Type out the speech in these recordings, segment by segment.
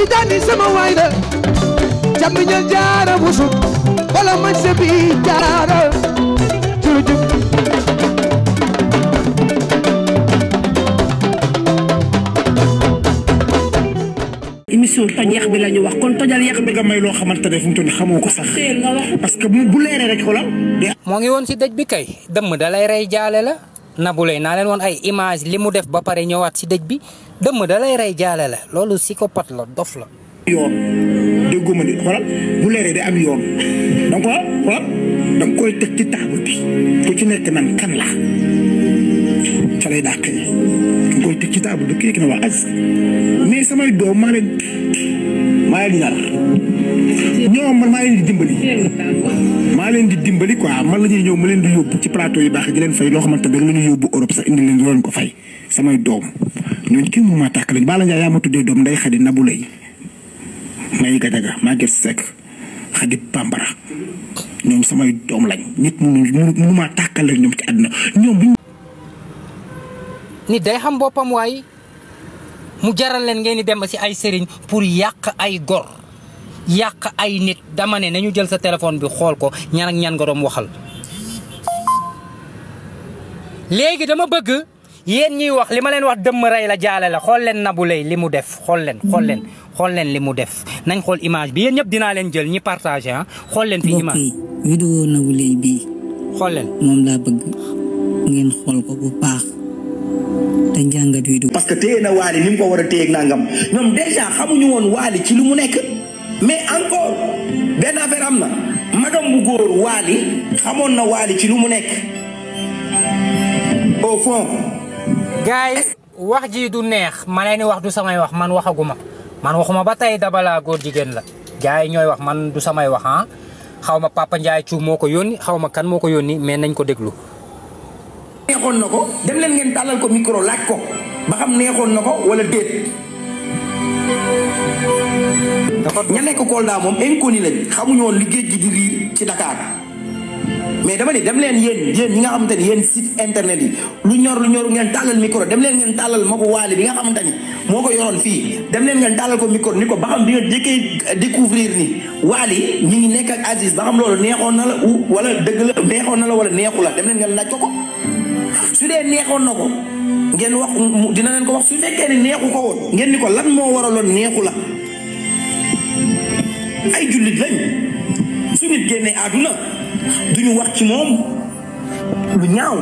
tijani sama waay la jambi ñal jaara busu wala man se bi jaara jurujub émission toj yax bi la ñu wax kon tojal yax bi nga may loo xamante ne fu mu toll nii xamoo ko sax parce que bu leeree rek xoolal moo ngi woon ci dëj bi kay dam da lay rey jaale la Nabou Leye naa leen woon ay image li mu def ba pare ñëwaat ci dëj bi dëmm da lay rey jaale la loolu psychopathe la dof la. yoon déggoo ma ni xoolal bu am yoon koy teg ci table bi ku ci nekk nan kan la ca lay dàqee da nga koy teg ci table bi kii ki na waa as mais samay doom maa leen maa leen yar ñoom man maa leen di dimbali. maa leen di dimbali quoi man la ñuy ñëw ma leen di yóbbu ci plateau yu baax yi di leen fay loo xamante ne da yóbbu Europe sax indi leen di leen ko fay samay doom ñooñu kenn mu ma tàkk lañ Balla Ndiaye yaa ma tuddee doom nday Xadi Nabou Leye May Gadaga Maguette Seck Xadi Bambara ñoom samay doom lañ nit mënu mënu maa tàkkal lañ ñoom ci àdduna ñoom bi nit day xam boppam waaye mu jaral leen ngeen di dem si ay sëriñ pour yàq ay gor. yàq ay nit dama ne nañu jël sa téléphone bi xool ko ña ak ñan nga doon waxal. léegi dama bëgg yéen ñiy wax li ma leen wax dëmm rey la jaale la xool leen Nabou Leye li mu def xool leen xool leen xool leen li mu def nañ xool image bi yéen ñëpp dinaa leen jël ñi partagé ah. xool leen fi image mbokk yi vidéo Nabou bii. xool leen moom laa bëgg ngeen xool ko bu baax te njàngat vidéo parce que téye na waali ni ko war a téye ak nangam ñoom dèjà xamuñu woon waali ci lu mu nekk. mais encore benn affaire am na magam bu góor waali xamoon na waali ci lu mu nekk au fond. gars wax ji du neex ma leen wax du samay wax man waxaguma man waxuma ba tey dabalaa góor jigéen la gars yi ñooy wax man du samay wax ah xaw ma Papa Ndiaye Thiou moo ko yónni xaw ma kan moo ko yónni mais nañ ko déglu. neexoon na ko dem leen ngeen tàllal ko micro laaj ko ba xam neexoon na ko wala déet. nga nekk Kolda moom inconnu lañ xamuñu woon li géej gi di riir ci Dakar mais dama ni dem leen yéen yéen ñi nga xamante ni yéen site internet yi lu ñor lu ñor ngeen tàllal micro dem leen ngeen tàllal ma ko waale bi nga xamante ni moo ko fii dem leen ngeen tàllal ko micro ni ko ba xam bi nga jëkkee découvrir ni waale ñu ngi nekk ak Aziz ba xam neexoon na la ou wala dëgg la neexoon na la wala neexu la dem leen ngeen laaj ko ko su dee neexoon na ko ngeen wax dina leen ko wax su nekkee ne neexu ko woon ngeen ni ko lan moo war waraloon neexu la ay jullit lañ su nit génnee àdduna duñu wax ci moom lu ñaaw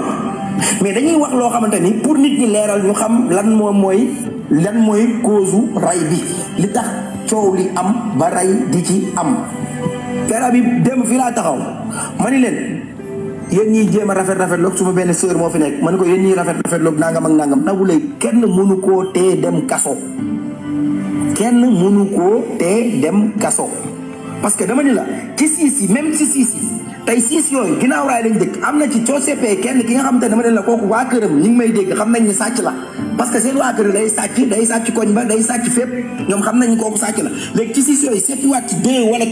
mais dañuy wax loo xamante ni pour nit ñi leeral ñu xam lan moom mooy lan mooy cause ray bi li tax coow li am ba ray di ci am garab yi dem fii laa taxaw ma ni leen yéen ñiy jéem a rafet rafetloog su ma benn sœur moo fi nekk ma ne ko yéen ñiy rafet rafetloog nangam ak nangam nawulee kenn mënu koo te dem kaso kenn mënu koo tee dem kaso parce que dama ni la ci siis yi même ci siis yi tey siis yooyu ginnaaw raay lañ dëkk am na ci coo seppee kenn ki nga xam te dama ne la kooku waa këram ñi ngi may dégg xam nañ ne sàcc la parce que seen waa kër day sàcc day sàcc koñ ba day sàcc fépp ñoom xam nañ kooku sàcc la léegi ci siis yooyu seppiwaat ci deux wala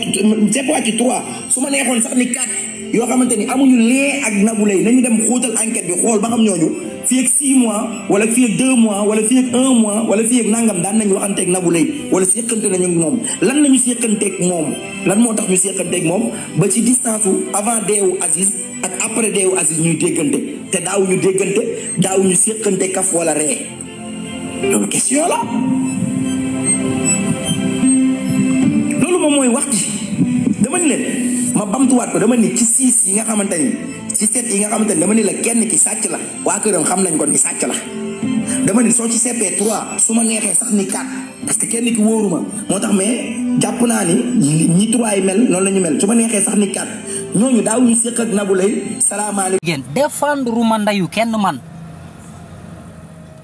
seppiwaat ci trois su ma neexoon sax ni quatre yoo xamante ni amuñu lee ak nabulay nañu dem xóotal enquête bi xool ba xam ñooñu fii ak 6 mois wala fii ak 2 mois wala fii ak 1 mois wala fii ak nangam daan nañu waxanteeg Nabou Leye wala séqante nañu ak moom lan la ñu séqanteeg moom lan moo tax ñu séqanteeg moom ba ci distance avant deewu Aziz ak après deewu Aziz ñuy déggante te daaw ñu déggante daaw ñu séqante kaf wala ree loolu question loolu moom mooy wax ji dama ni leen. ma bamtuwaat ko dama ni ci siis yi nga xamante ni ci seet yi nga xamante ni dama ni la kenn ki sàcc la waa këram xam nañ ko ni sàcc la dama ni soo ci seetee trois su ma neexee sax ni quatre parce que kenn ki wóoru moo tax mais jàpp naa ni ñi trois yi mel noonu la ñu mel su ma neexee sax ni quatre ñooñu daaw ñu séq ak Nabou Leye salaamaaleykum. ngeen défendre ma ndeyu kenn man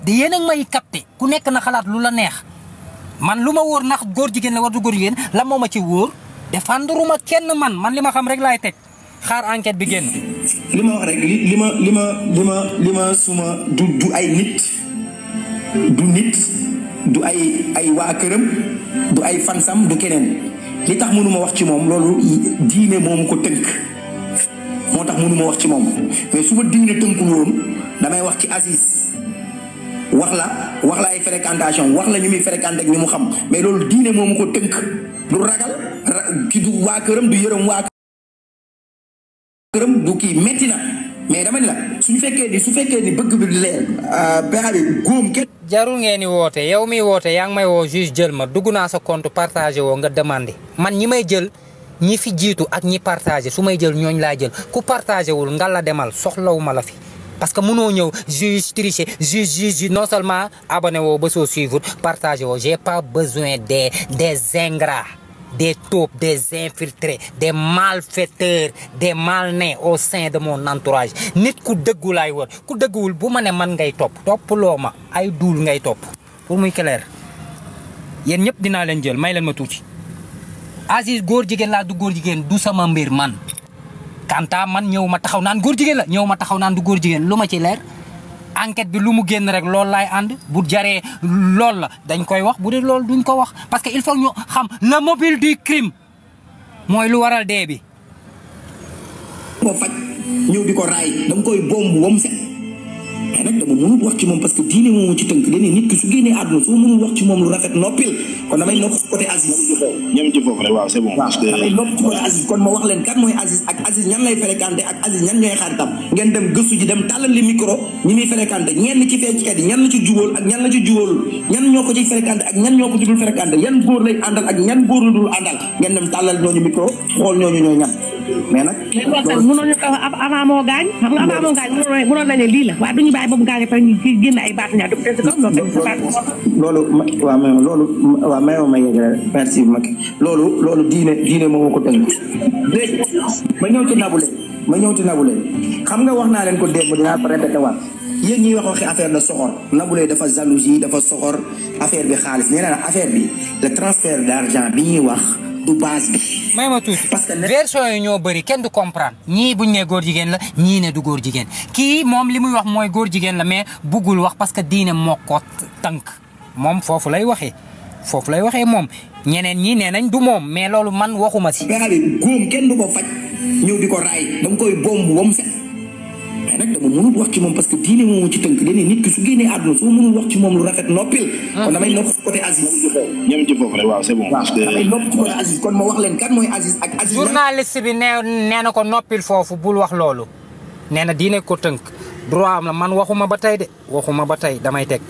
di yéen ak may capté ku nekk na xalaat lu la neex man lu ma wóor ndax góor jigéen la war du góor jigéen la moo ma ci wóor. défendre ma kenn man man li ma xam rek laay teg xaar enquête bi génn. li ma wax rek li li ma li ma li ma li ma suma du ay nit du nit du ay ay waa këram du ay fansam du keneen li tax mënuma wax ci moom loolu diine moomu ko tënk moo tax mënuma wax ci moom mais su ma diine tënkul woon damay wax ci Aziz. wax la wax la ay fréquentation wax la ñu muy fréquenté ak ñu mu xam mais loolu diine moomu ko tënk du ragal. ki këram du yërëm waa këram du kii metti mais dama ni la suñu fekkee ni su fekkee ni bëgg bi leer euh, PA jarul ngeen woote yow mi woote yaa ngi may woo juge jël ma dugg naa sa compte partagé woo nga demande man ñi may jël ñi fi jiitu ak ñi partage su may jël ñooñ laa jël ku partagé wul nga la demal soxlawu ma la fi parce que mënoo ñëw juge tricher juge juge non seulement abonné woo ba soo suivre partagé woo j'ai pas besoin des des ingrats des taupes, des infiltrés, des malfaiteurs, des malnés au sein de mon entourage. nit ku dëggu laay wër ku dëgguwul bu ma ne man ngay topp toppaloo ma ay duul ngay topp pour muy clair yéen ñëpp dinaa leen jël may leen ma tuuti. Aziz góor jigéen laa du góor jigéen du sama mbir man. Kanta man ñëw ma taxaw naan góor jigéen la ñëw ma taxaw naan du góor jigéen lu ma ci leer. enquête bi lu mu génn rek loolu laay ànd bu jaree lool la dañ koy wax bu dee lool duñ ko wax parce que il faut ñu xam le mobile du crime mooy lu waral dee bi. moo faj ñëw di ko raay dama koy bomb ba mu set mais nag moom parce que diine moomu ci tënk dañuy nit ki su génnee àdduna soo mënul wax ci moom lu rafet noppil kon damay nopp ci côté Aziz. foofu rek waaw kon moo wax leen kan mooy Aziz ak Aziz ñan lay fréquenté ak Aziz ñan ñooy xaritam ngeen dem gëstu ji dem tàllal li micro. ñi muy fréquenté ñenn ci fecckat ñan la ci jubóol ak ñan la ci jubóolul ñan ñoo ko ci fréquenté ak ñan ñoo ko ci dul fréquenté yan góor lay àndal ak ñan góor lu dul àndal ngeen dem tàllal ñooñu micro xool ñooñu ñooy ñan mais nag. mënoon ñu avant moo gaañ. xam nga avant moo gaañ mënoon mënoon nañu lii la waaye du ñu bàyyi ba mu gaañ rek ñu génn ay baat ñaar dugg des loolu loolu waaw mais loolu waaw mais ma yegg rek merci Macky loolu loolu diine diine moo ko tënk léegi ma ñëw ci Naboulaye ma xam nga wax naa leen ko démb dinaa ko répété waat yéen ñuy wax waxi affaire la soxor Nabou Leye dafa jalousie dafa soxor affaire bi xaalis nee naa affaire bi le transfert d' bi ñuy wax du base bi. may ma tuuti parce que version yi ñoo bëri kenn du ñii buñ ne góor jigéen la ñii du góor jigéen kii moom li muy wax mooy góor jigéen la mais buggul wax parce que diine moo ko tànk moom foofu lay waxee foofu lay waxee moom ñeneen ñi nee nañ du moom mais loolu man waxuma si. gaal yi góom kenn du ko faj ñëw di ko raay da koy bomb ba set mais nag wax ci moom parce que diine moomu ci tënk dañuy nit ci moom lu rafet noppil. Ah. kon damay kon ma wax leen kan mooy Aziz ak. Aziz journaliste bi nee nee na ko noppil foofu bul wax loolu nee na diine ko tënk droit am man waxuma ba tey de waxuma ba tey damay teg.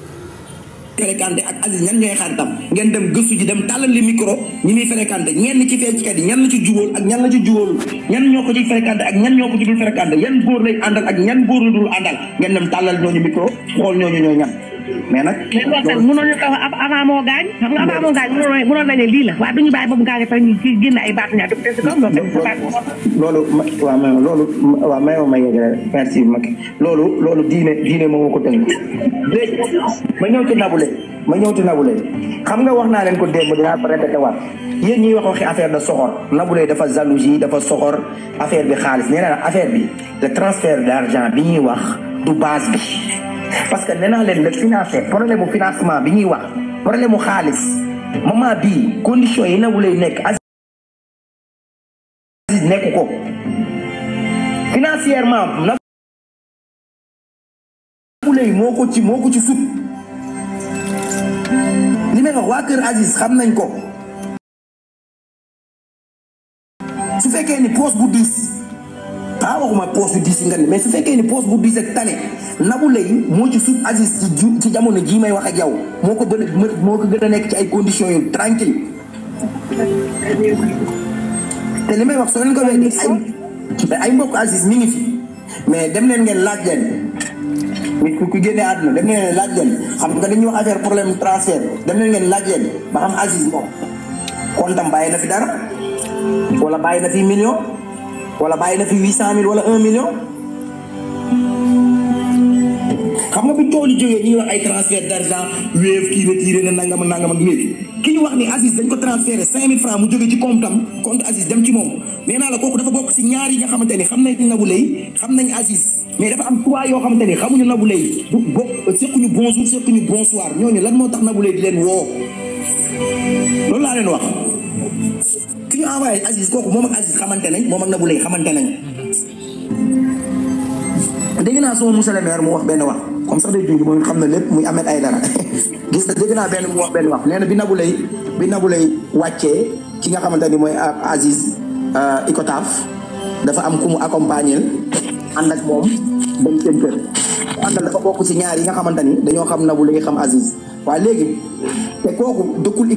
fréquenté ak Aziz ñan ñooy xaritam ngeen dem gëstu ji dem tàllal li micro ñi muy fréquenté ñenn ci feeckat yi ñan la ci jubóol ak ñan la ci jubóolul ñan ñoo ko ci fréquenté ak ñan ñoo ko ci dul fréquenté yan góor lay àndal ak ñan góor la dul àndal ngeen dem tàllal ñooñu micro xool ñooñu ñooy ñan mais nag. loolu mënoon ñu taw avant moo gaañ. xam nga avant moo gaañ mënoon nañu ne lii la waaye du ñu bàyyi ba mu gaañ sax ñu génn ay baatu ñaar def si kaw loolu. loolu waaw ma loolu waaw may ma ma yeggale merci Macky loolu loolu diine diine moo ko tënk. léegi ma ñëw ci Naboulaye ma ñëw ci Naboulaye xam nga wax naa leen ko démb dinaa ko répété waat yéen ñuy wax waxi affaire de soxor Naboulaye dafa jalousie dafa soxor affaire bi xaalis nee naa affaire bi le transfert d' argent bi ñuy wax du base bi. parce que nee naa leen le financé problème mu financement bi ñuy wax problème mu xaalis moment bii condition yi nagu lay nekk Aziz nekk ko financièrement na bu moo ko ci moo ko ci sut li may wax waa kër Aziz xam nañ ko su fekkee ni poste bu dis waxuma poos bu diis nga ne mais su fekkee ni poos bu diis ak tane Nabou Leye moo ci sut Aziz ci ci jamono jii may wax ak yow moo ko gën a moo ko gën a nekk ci ay conditions yu tranquille te li may wax soo leen ko wéy ay ay mbokk Aziz mi ngi fi mais dem leen ngeen laaj leen nit ku génnee àdduna dem leen ngeen laaj leen xam nga dañuy wax affaire problème transfert dem leen ngeen laaj leen ba xam Aziz moom kontam bàyyi na fi dara wala bàyyi na fi million. wala bàyyi na fi huit cent mille wala un million. xam nga bi tool yi jógee ñu ngi wax ay transfert d' argent Wave kii retiré na nangam nangam ak yooyu ki ñu wax ni Aziz dañ ko transféré cinq mille francs mu jóge ci compte am compte Aziz dem ci moom nee naa la kooku dafa bokk si ñaar yi nga xamante ni xam nañ Nabou Leye xam nañ Aziz mais dafa am trois yoo xamante ni xamuñu Nabou Leye du bokk sekkuñu bonjour sekkuñu bonsoir ñooñu lan moo tax Nabou Leye di loolu laa leen wax. ñu envoyé Aziz kooku moom ak Aziz xamante nañ moom ak Nabou Leye xamante nañ dégg naa sama monsieur le mu wax benn wax comme sax day junj moom xam na lépp muy ay dara gis nag dégg naa benn mu wax benn wax nee bi Nabou Leye bi Nabou Leye wàccee ki nga xamante ni mooy Aziz euh, Ikotaf dafa am ku mu accompagner ànd ak moom dem seen kër àndal dafa bokk si ñaar yi nga xamante ni dañoo xam Nabou Leye xam Aziz waaye léegi te kooku dëkkul i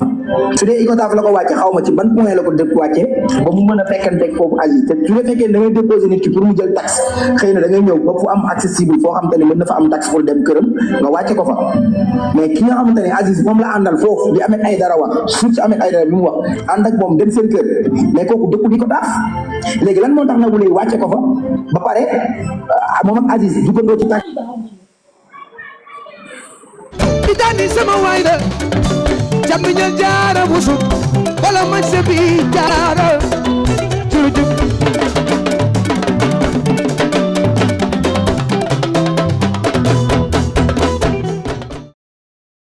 su dee la ko wàcce xaw ma ci ban point la ko dëkk wàcce ba mu a fekkanteeg foofu aji te su dee fekkee da ngay déposé xëy na da ñëw ba fu am accessible foo xamante ne mën na fa am taxe pour dem këram nga ko fa mais ki nga xamante ne Aziz moom la àndal foofu li Ahmed Aïdara wax suuf si Ahmed Aïdara bi mu wax ànd ak moom dem seen kër mais kooku dëkkul ICOTAF léegi lan moo tax na wulay wàcce ko fa ba pare ah, moom ak Aziz duggandoo ci taxe. Itani sama waay camiñal jaara busuk wala man se bi jaara